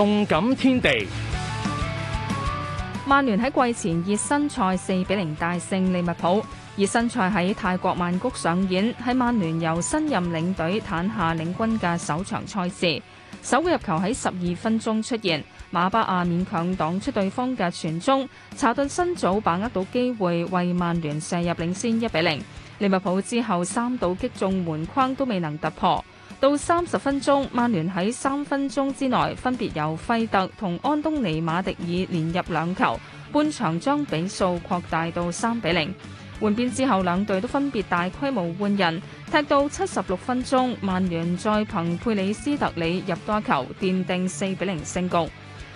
動感天地，曼聯喺季前熱身賽四比零大勝利物浦。熱身賽喺泰國曼谷上演，喺曼聯由新任領隊坦赫領軍嘅首場賽事，首個入球喺十二分鐘出現，馬巴亞勉強擋出對方嘅傳中，查頓辛祖把握到機會為曼聯射入領先一比零。利物浦之後三度擊中門框都未能突破。到三十分鐘，曼聯喺三分鐘之內分別由費特同安東尼馬迪爾連入兩球，半場將比數擴大到三比零。換邊之後，兩隊都分別大規模換人，踢到七十六分鐘，曼聯再憑佩里斯特里入多球，奠定四比零勝局。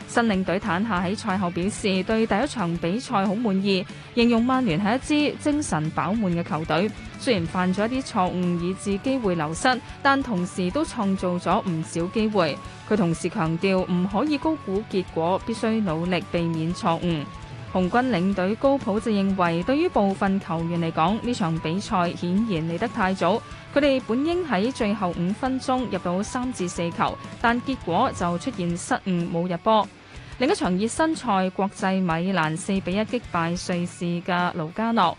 新領隊坦夏喺賽後表示，對第一場比賽好滿意，形容曼聯係一支精神飽滿嘅球隊。雖然犯咗一啲錯誤，以致機會流失，但同時都創造咗唔少機會。佢同時強調唔可以高估結果，必須努力避免錯誤。紅軍領隊高普就認為，對於部分球員嚟講，呢場比賽顯然嚟得太早。佢哋本應喺最後五分鐘入到三至四球，但結果就出現失誤冇入波。另一場熱身賽，國際米蘭四比一擊敗瑞士嘅盧加諾。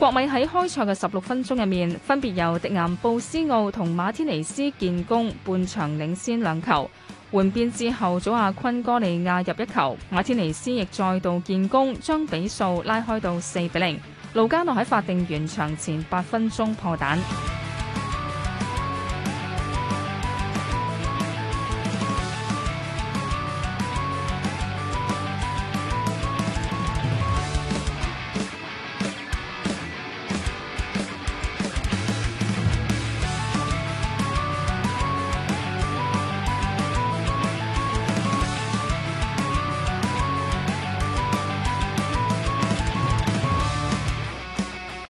國米喺開賽嘅十六分鐘入面，分別由迪亞布斯奧同馬天尼斯建功，半場領先兩球。換邊之後，祖亞昆哥利亞入一球，馬天尼斯亦再度建功，將比數拉開到四比零。盧加諾喺法定完場前八分鐘破蛋。